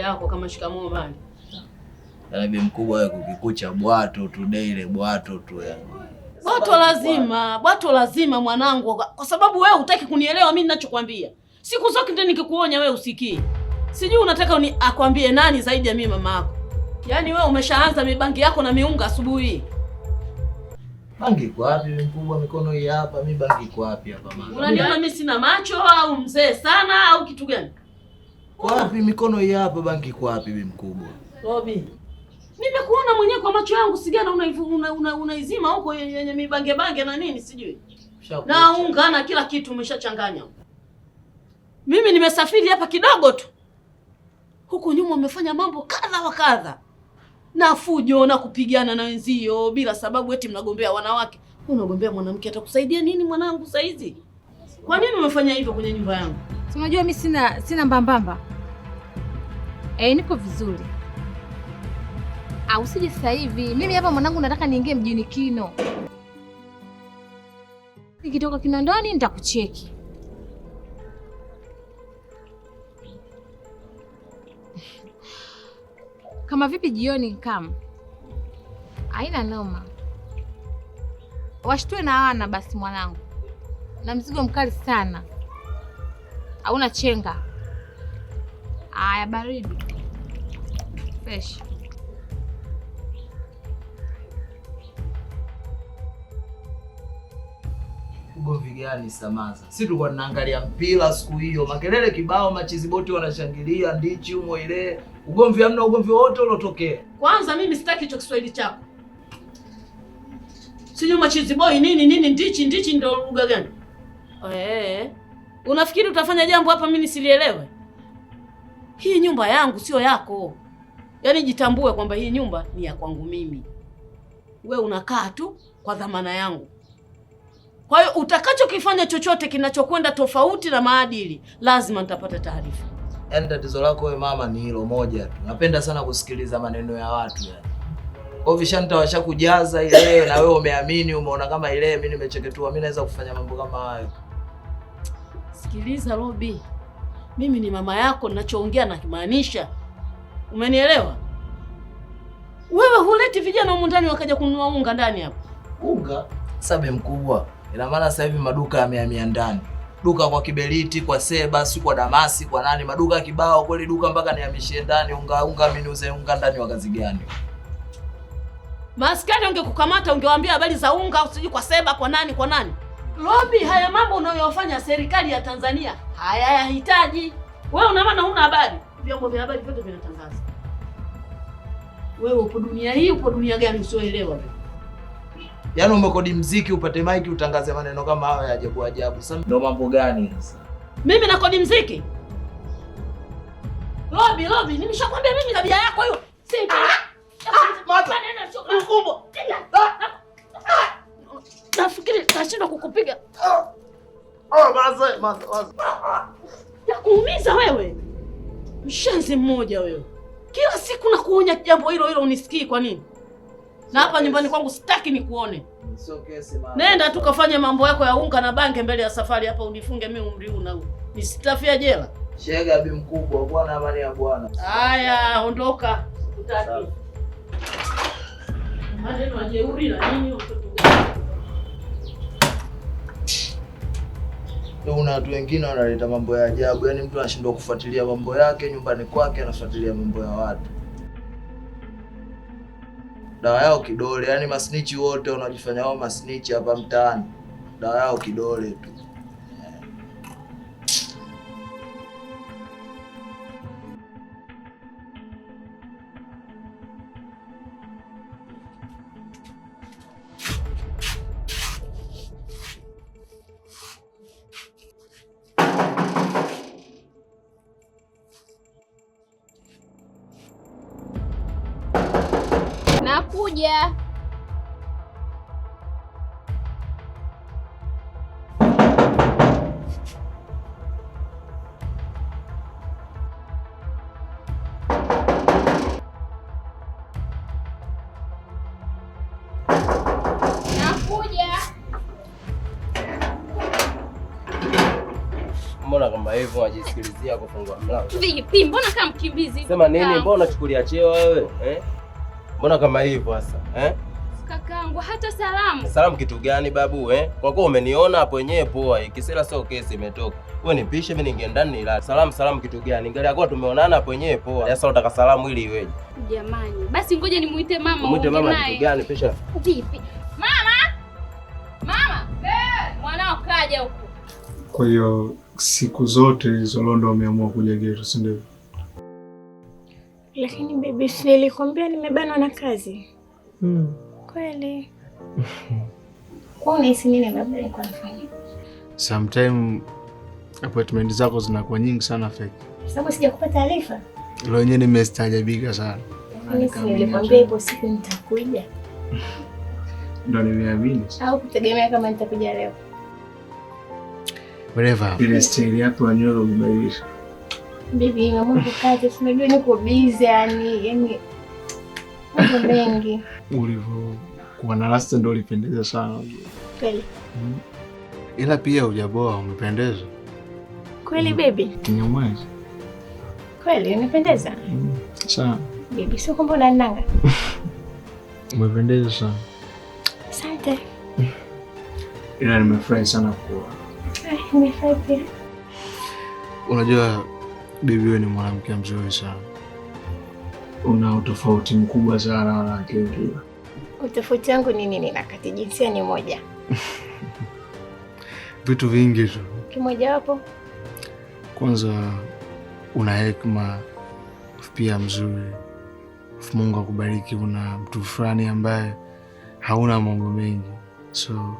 yako kama shikamoo mali. Bibi mkubwa kukikucha bwato tu daily bwato tu yani. Bwato lazima, bwato lazima mwanangu, kwa sababu wewe hutaki kunielewa mimi ninachokwambia. Siku zote ndio nikikuonya wewe usikii. Sijui unataka uni akwambie nani zaidi ya mimi mama yako. Yaani wewe umeshaanza mibangi yako na miunga asubuhi. Bangi iko wapi mkubwa? Mikono hii hapa, mimi bangi iko wapi hapa mama? Unaniona mimi sina macho au mzee sana au kitu gani? Wapi mikono hii hapa, bangi kwa wapi? Bi mkubwa Robi, nimekuona mwenyewe kwa macho yangu, sigara unaizima una, una huko yenye mibange bange na nini sijui na unga na kila kitu umeshachanganya. Mimi nimesafiri hapa kidogo tu, huku nyuma umefanya mambo kadha wa kadha na fujo na kupigana na wenzio bila sababu, eti mnagombea wanawake. Unagombea mwanamke atakusaidia nini mwanangu? Saizi kwa nini umefanya hivyo kwenye nyumba yangu? Unajua mi sina sina mbambamba e, eh, niko vizuri. Au sije sasa hivi mimi hapa mwanangu, nataka niingie mjini Kino. Nikitoka Kinondoni nitakucheki. Kama vipi jioni? Kama haina noma, washtue na wana basi mwanangu, na mzigo mkali sana hauna chenga. Aya, baridi fresh. Ugovi gani Samaza? Si tulikuwa tunaangalia mpira siku hiyo, makelele kibao, machiziboti wanashangilia, ndichi umo ile. Ugomvi hamna, ugomvi wote ulotokea. Kwanza mimi sitaki hicho Kiswahili chako sijui boi nini nini, ndichi ndichi, ndo lugha gani? Eh. eh, eh. Unafikiri utafanya jambo hapa mimi nisilielewe? Hii nyumba yangu sio yako. Yaani jitambue kwamba hii nyumba ni ya kwangu mimi. We unakaa tu kwa dhamana yangu. Kwa hiyo utakachokifanya chochote kinachokwenda tofauti na maadili, lazima nitapata taarifa. Yaani tatizo lako wewe mama ni hilo moja tu. Napenda sana kusikiliza maneno ya watu yani. Kwa vishanta washakujaza ile na wewe umeamini, umeona kama ile mimi nimecheketua, mimi naweza kufanya mambo kama hayo. Sikiliza Robi, mimi ni mama yako, ninachoongea nakimaanisha. Umenielewa? Wewe huleti vijana humu ndani wakaja kununua unga ndani hapa. Unga sabe mkubwa, ina maana sasa hivi maduka yamehamia ndani, duka kwa Kiberiti, kwa Seba, si kwa Damasi, kwa nani, maduka kibao kweli, duka mpaka nihamishie ndani. Unga unga, minuze unga ndani wa kazi gani? Maskani ungekukamata ungewaambia habari za unga, usiji kwa Seba, kwa nani, kwa nani Robi, haya mambo unayoyafanya serikali ya Tanzania hayayahitaji. Wewe una maana huna habari, vyombo vya habari vyote vinatangaza. Wewe upo dunia hii, upo dunia gani usioelewa? Yaani umekodi mziki upate maiki utangaze maneno kama hayo ya ajabu ajabu. Sasa ndo mambo gani sasa? Mimi nakodi mziki? Robi, Robi, nimeshakwambia mimi tabia yako hiyo. Sema. Ah! Ah! Mata. Maneno sio kubwa. Nafikiri nashindwa kukupiga ah. oh, kuumiza wewe, mshenzi mmoja wewe. Kila siku nakuonya jambo hilo hilo unisikii kwa nini? Na hapa nyumbani kwangu sitaki nikuone. Nenda tu kafanye mambo yako ya unga na bange mbele ya safari hapa unifunge mimi umri huu na huu. Nisitafia jela. Shega bi mkubwa, bwana amani ya bwana. Haya, ondoka. Sitaki. Maneno ya jeuri na nini? Una watu wengine wanaleta mambo ya ajabu, yaani mtu anashindwa kufuatilia mambo yake nyumbani kwake, anafuatilia mambo ya watu. Dawa yao kidole, yaani masnichi wote wanajifanya wao masnichi hapa mtaani, dawa yao kidole tu. kama hivyo ajisikilizia kufungua mlango. Vipi? Mbona kama mkimbizi? Sema nini? Mbona unachukulia cheo wewe? Eh? Mbona kama hivyo sasa? Eh? Kakaangu hata salamu. Salamu kitu gani babu eh? Kwa kuwa umeniona hapo wenyewe poa, kisela sio kesi imetoka. Wewe nipishe mimi ningeenda ndani ila Salamu salamu kitu gani? Ingalia kwa tumeonana hapo wenyewe poa. Sasa unataka salamu ili iweje? Jamani, basi ngoja nimuite mama. Muite mama kitu gani pesha? Vipi? Mama! Mama! Eh, mwanao kaja huko. Kwa hiyo siku zote hizo London umeamua kuja getu, si ndio? Lakini baby, si nilikwambia nimebanwa na kazi? Hmm. Kweli. unahisi nini labda nilikuwa nafanya? Sometime appointment zako zinakuwa nyingi sana fake. Sababu sijakupa taarifa. Leo wenyewe nimestajabika sana. Nilikwambia ipo siku nitakuja. Ndio nimeamini. Au kutegemea kama nitakuja leo. Stahili yako ya nywele umebadilisha. Bibi, unajua niko busy yani, yani mambo mengi. Ulivyokuwa na rasta ndio ulipendeza sana. Kweli. Mm. Ila pia hujaboa, umependeza. Kweli mm. baby? Kinyamwezi. Kweli unapendeza? Mm. Baby, sio kwamba unananga. Umependeza sana. Asante. Ila nimefurahi sana kuwa Unajua bibi, wewe ni mwanamke mzuri sana, una utofauti mkubwa sana na wanawake wengine. Utofauti wangu ni nini? na kati jinsia ni moja vitu vingi tu, kimojawapo kwanza, una hekima pia mzuri. Mungu akubariki, una mtu fulani ambaye hauna mambo mengi so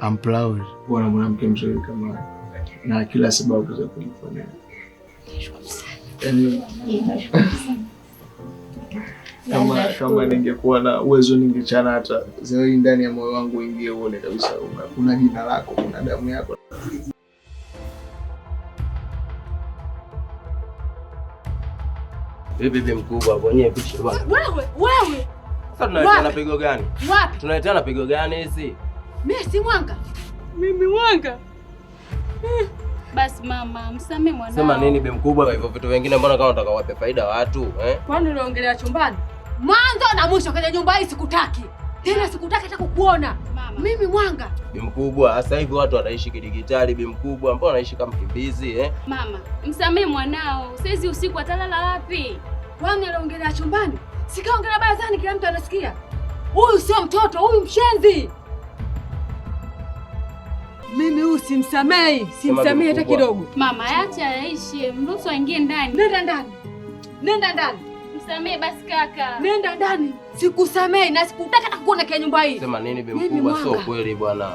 I'm proud. Bwana mwanamke mzuri kama na kila sababu za kujifanya. Kama kama ningekuwa na uwezo ningechana hata zai ndani ya moyo wangu ingie uone kabisa unga. kuna jina lako, kuna damu yako. Bibi mkubwa mwenyewe wewe wewe. Sasa tunaleteana pigo gani? Wapi? Tunaleteana pigo gani hizi? Mimi si mwanga. Mimi mwanga. Eh. Basi mama, msame mwanao. Sema nini be mkubwa kwa hivyo vitu vingine mbona kama unataka wape faida watu, eh? Kwani unaongelea chumbani? Mwanzo na mwisho kwenye nyumba hii sikutaki. Tena sikutaki hata kukuona. Mimi mwanga. Bi mkubwa, sasa hivi watu wanaishi kidigitali bi mkubwa, mbona wanaishi kama kimbizi eh? Mama, msamee mwanao. Saizi usiku atalala wapi? Kwani aliongelea chumbani? Sikaongelea barazani kila mtu anasikia. Huyu sio mtoto, huyu mshenzi. Mimi huu simsamei, simsamei hata kidogo. Mama, acha aishi, mruhusu aingie ndani. Nenda ndani, nenda ndani. Msamee basi kaka, nenda ndani. Sikusamei na sikutaka kukuona kwa nyumba hii. Sema nini bibi mkubwa, sio kweli bwana.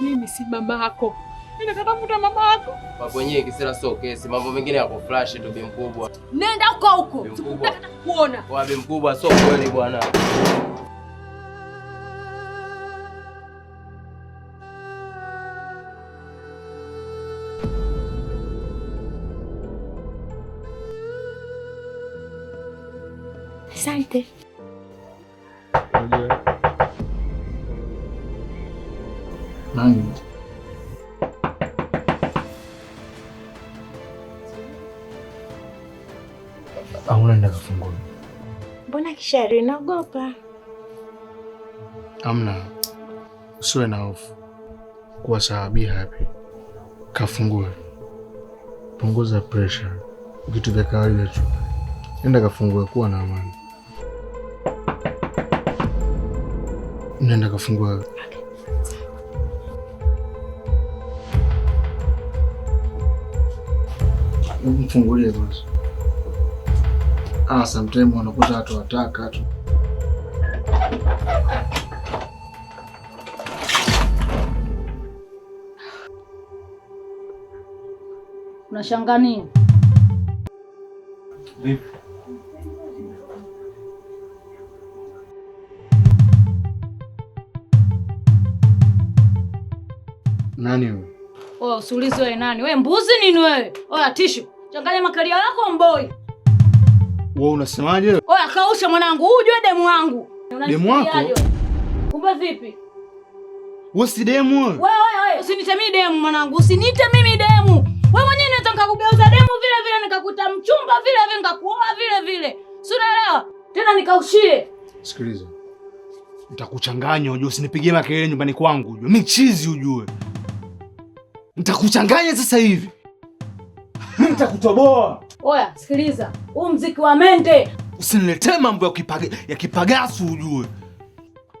Mimi si mama yako, ninakatafuta mama yako. Mambo yenyewe kisera sio kesi, mambo mengine yako flash tu bibi mkubwa. Nenda huko huko, sikutaka kukuona. Bibi mkubwa, sio kweli bwana. Asante. Nani? Aunaenda kafungue Mbona kishari, naogopa. Amna, usiwe na hofu, kuwa sawa, be happy. Kafungue, punguza pressure, vitu vya kawaida tu. Enda kafungue, kuwa na amani. Nenda kafungua mfungulie kwanza. Ah, sometimes wanakuta watu wataka tu. Unashangaa Vipi? Nani wewe? Oh, usiulize wewe nani. Wewe mbuzi nini wewe? Oya oh, tishu. Changanya makalia yako mboi. Wewe unasemaje? Oya oh, kausha mwanangu, ujue demu wangu. Demu wako? Kumbe vipi? Wewe si demu wewe. Wewe wewe, usinite mimi demu mwanangu, usinite mimi demu. Wewe mwenyewe unaweza nikakugeuza demu vile vile nikakuta mchumba vile vile nikakuoa vile vile. Si unaelewa? Tena nikaushie. Sikiliza. Nitakuchanganya ujue, usinipigie makelele nyumbani kwangu ujue. Mimi chizi ujue. Nitakuchanganya sasa hivi, nitakutoboa. Oya, sikiliza, huu mziki wa mende usiniletee mambo ya kipaga, ya kipagasu ujue.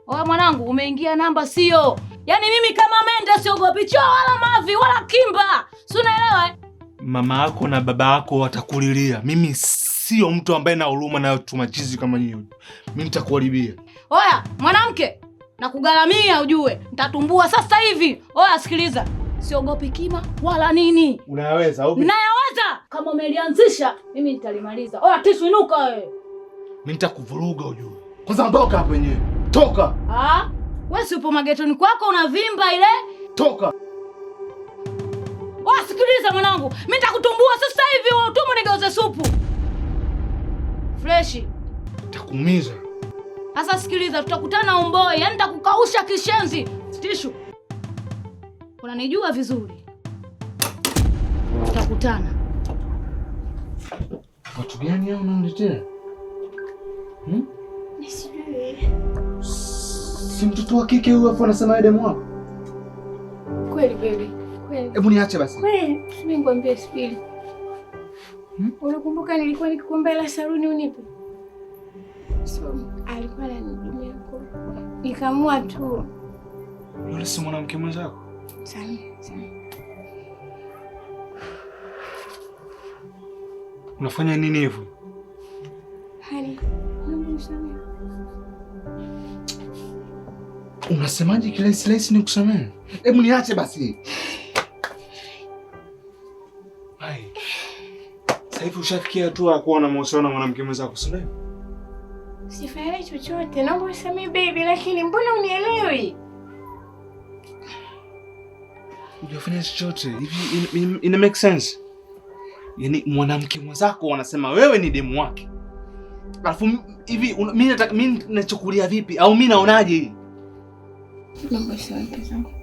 Oya mwanangu, umeingia namba sio? Yaani mimi kama mende siogopi choo wala mavi wala kimba, si unaelewa? Eh? Mama yako na baba yako watakulilia. Mimi sio mtu ambaye na huruma na tumachizi kama nyinyi. Mimi nitakuharibia. Oya mwanamke, nakugaramia ujue, nitatumbua sasa hivi. Oya sikiliza siogopi kima wala nini. Unayaweza upi? Nayaweza. Kama umelianzisha mimi nitalimaliza. Oya, tisu inuka wewe. Mimi nitakuvuruga ujue. Kwanza ondoka hapa wenyewe. Toka. Ah? Wewe si upo magetoni kwako unavimba ile? Toka. Wewe sikiliza mwanangu, mimi nitakutumbua sasa hivi wewe utumwe nigeuze supu. Freshi. Nitakuumiza. Sasa sikiliza, tutakutana umboi, yaani nitakukausha kishenzi. Tishu unanijua vizuri, tutakutana. Watu gani hao unaonitetea? Hmm? Nisijui. Si mtoto wa kike huyu afu anasema Adamu wako? Kweli kweli. Kweli. Hebu niache basi. Kweli, mimi ngwambie spili. Hmm? Unakumbuka nilikuwa nikikuomba hela saluni unipe? So, alikuwa ananidumia kwa. Nikamua tu. Yule si mwanamke mwenzako? Unafanya nini hivyo? Unasemaje kirahisi laisi ni kusamehe? Hebu niache basi. Hai. Sasa hivi ushafikia hatua ya kuwa na mahusiano na mwanamke mwenzako, si ndio? Sifaelewi chochote. Naomba unisamehe baby, lakini mbona unielewi? hujafanya chochote hivi. in, in, ina make sense? Yani mwanamke mwenzako wanasema wewe ni demu wake, alafu hivi mimi nataka mimi nachukulia vipi? Au mimi naonaje hii mambo? Sawa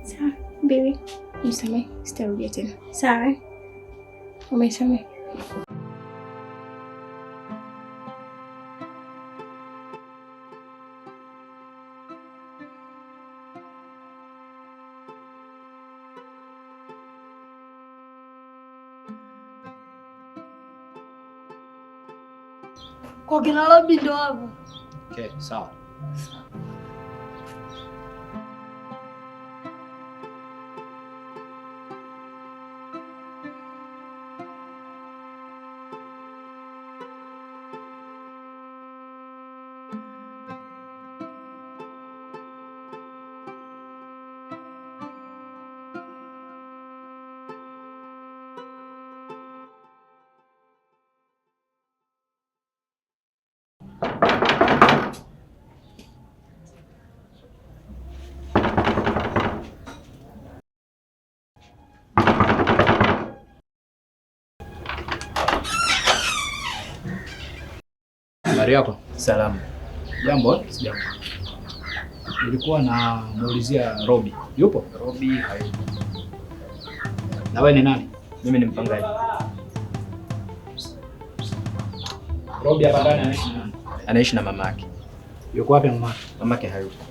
sawa, baby, msamehe, sitarudia tena. Sawa, umesamehe. kwa kina Robi ndo hapo. Okay, sawa. Habari yako? Salama. Jambo? Sijambo. Nilikuwa namuulizia Robi. Yupo? Robi hayupo. Na wewe ni nani? Mimi ni mpangaji. Robi hapa ndani anaishi na nani? Anaishi na mama yake. Yuko wapi mama? Mama yake hayupo.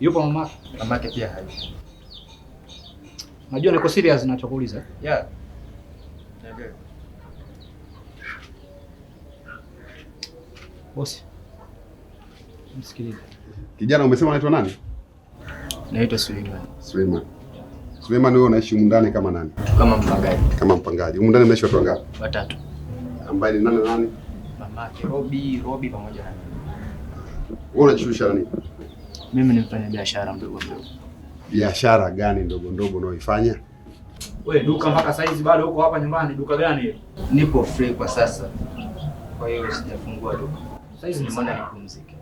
Yupo mama? Mama yake pia hayupo. Najua niko serious ninachokuuliza. Yeah. Najua. Bosi, msikilize. Kijana umesema unaitwa nani? Naitwa Suleiman. Suleiman. Suleiman, wewe unaishi humu ndani kama nani? Kama mpangaji. Kama mpangaji. Humu ndani mnaishi watu wangapi? Watatu. Ambaye ni nani na nani? Mamake Robi, Robi pamoja na mimi. Wewe unajishughulisha na nini? Mimi ni mfanya biashara mdogo mdogo. Biashara gani ndogo ndogo unaoifanya? Wewe duka mpaka saizi bado uko hapa nyumbani, duka gani hilo? Nipo free kwa sasa. Kwa hiyo sijafungua duka saizi hizi nimeenda nipumzike.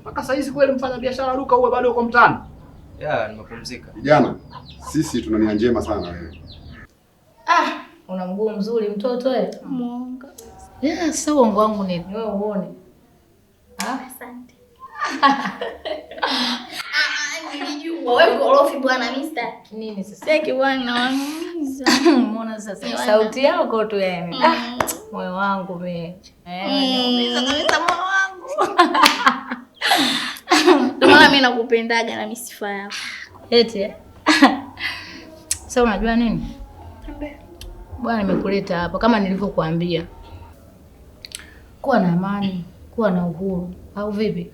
Mpaka saizi kweli mfanya biashara duka uwe bado uko mtaani? Ya, nimepumzika. Vijana, sisi tuna nia njema sana wewe. Ah, una mguu mzuri mtoto wewe. Mwanga. Ya, sasa uongo wangu nini? Wewe uone. Ah, asante. Ah, ah nilijua wewe gorofi bwana mister. Nini sasa? Sasa wangu. Mbona sasa sauti yako tu yeye. Yaani. Ah. Mm moyo wangu mimi umeumiza kabisa moyo wangu. Maana mimi nakupendaga na misifa yako eti. Sasa unajua nini bwana, nimekuleta hapa kama nilivyokuambia, kuwa na amani, kuwa na uhuru, au vipi?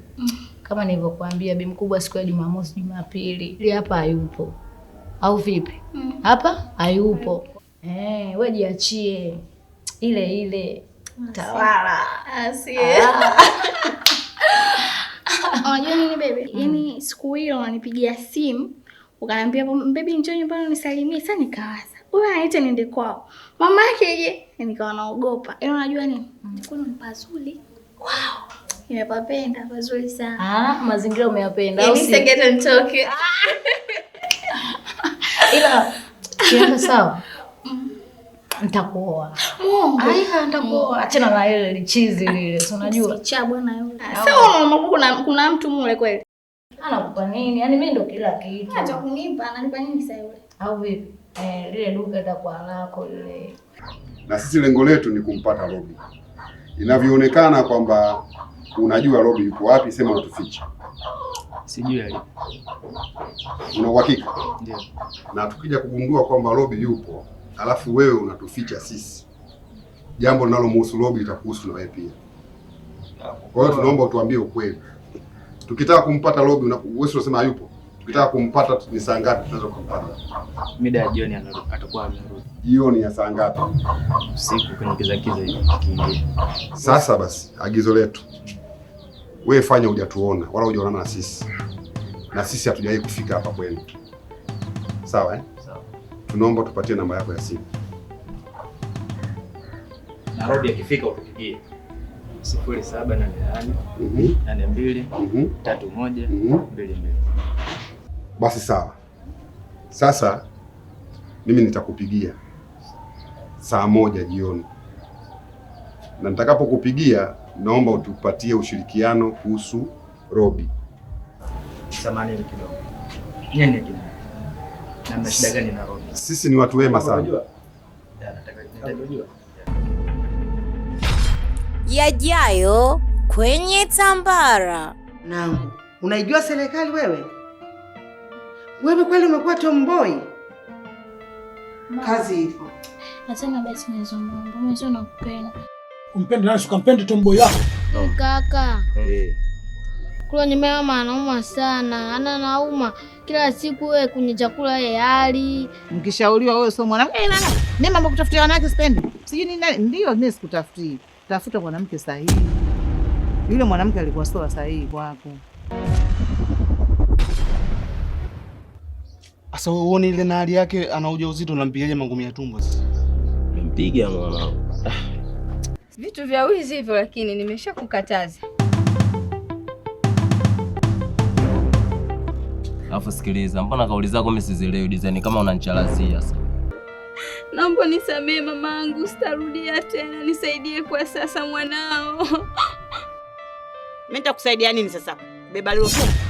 Kama nilivyokuambia, bi mkubwa siku ya Jumamosi, Jumapili ili hapa hayupo, au vipi? Hapa hayupo. Eh, wewe jiachie ile ile tawala ah. unajua nini bebe hmm. Yaani siku hiyo unanipigia simu ukaniambia baby, njoo nyumbani unisalimie. sa nikawaza wewe anaita niende kwao, mama yake je? Yaani nikawa naogopa. Yaani unajua nini, mkono hmm. ni pazuri. Wow, imepapenda pazuri sana. Ah, mazingira umeyapenda au yaani si? nitoke ila kienda sawa Nitakuoa. Mungu. Aiha, nitakuoa. Achana na ile lichizi lile. Si unajua? Cha bwana yule. Sasa unaona kuna kuna mtu mule kweli. Anakupa nini? Yaani mimi ndo kila kitu. Acha kunipa, ananipa nini sasa yule? Au vipi? Eh, lile duka litakuwa lako lile. Na sisi lengo letu ni kumpata Robi. Inavyoonekana kwamba unajua Robi yuko wapi, sema natuficha. Sijui alipo. Una uhakika? Ndio. Na tukija kugundua kwamba Robi yupo alafu wewe unatuficha sisi, jambo linalomuhusu Robi litakuhusu na wewe pia. Kwa hiyo tunaomba utuambie ukweli, tukitaka kumpata Robi, wewe unasema hayupo, tukitaka kumpata ni saa ngapi tunaweza kumpata? Mida ya jioni atakuwa amerudi. Jioni ya saa ngapi? Usiku kwenye kiza kiza hivi Sasa basi, agizo letu wewe, fanya hujatuona wala hujaonana na sisi, na sisi hatujawahi kufika hapa kwenu, sawa eh? tunaomba tupatie namba yako ya simu. Narodi akifika utupigie sifuri saba nane nane mhm. mbili mhm. tatu moja mhm. mbili mbili. Basi sawa, sasa mimi nitakupigia saa moja jioni, na nitakapokupigia naomba utupatie ushirikiano kuhusu Robi. Samahani kidogo, nyenye kidogo, na shida gani na Robi? sisi ni watu wema sana. Yajayo kwenye tambara Naam, Unaijua serikali wewe? Wewe kweli umekuwa tomboy? Kazi ipo. Nasema basi Mwenyezi Mungu, Mwenyezi nakupenda. Kumpenda Umpende nani ukampende tomboi yako? Kaka. Eh. Hey. Kwa nyuma mama anauma sana. Ana nauma kila siku we kwenye chakula ye hali. Mkishauriwa wewe sio mwanamke. nana eh, mimi mambo kutafutia wanawake sipendi. Sijui ni nani. Ndio mimi sikutafuti. Tafuta mwanamke sahihi. Yule mwanamke alikuwa sio sahihi kwako. Asa uone ile na hali yake ana ujauzito unampigaje mangumi ya tumbo sasa? Nimpiga mwanangu. Vitu vya wizi hivyo lakini nimeshakukataza. Alafu sikiliza, mbona kauli zako mimi sizielewi design kama unanichalazia sasa. Naomba nisamee mamangu, sitarudia tena, nisaidie kwa sasa mwanao. Mimi nitakusaidia nini sasa? Beba leo.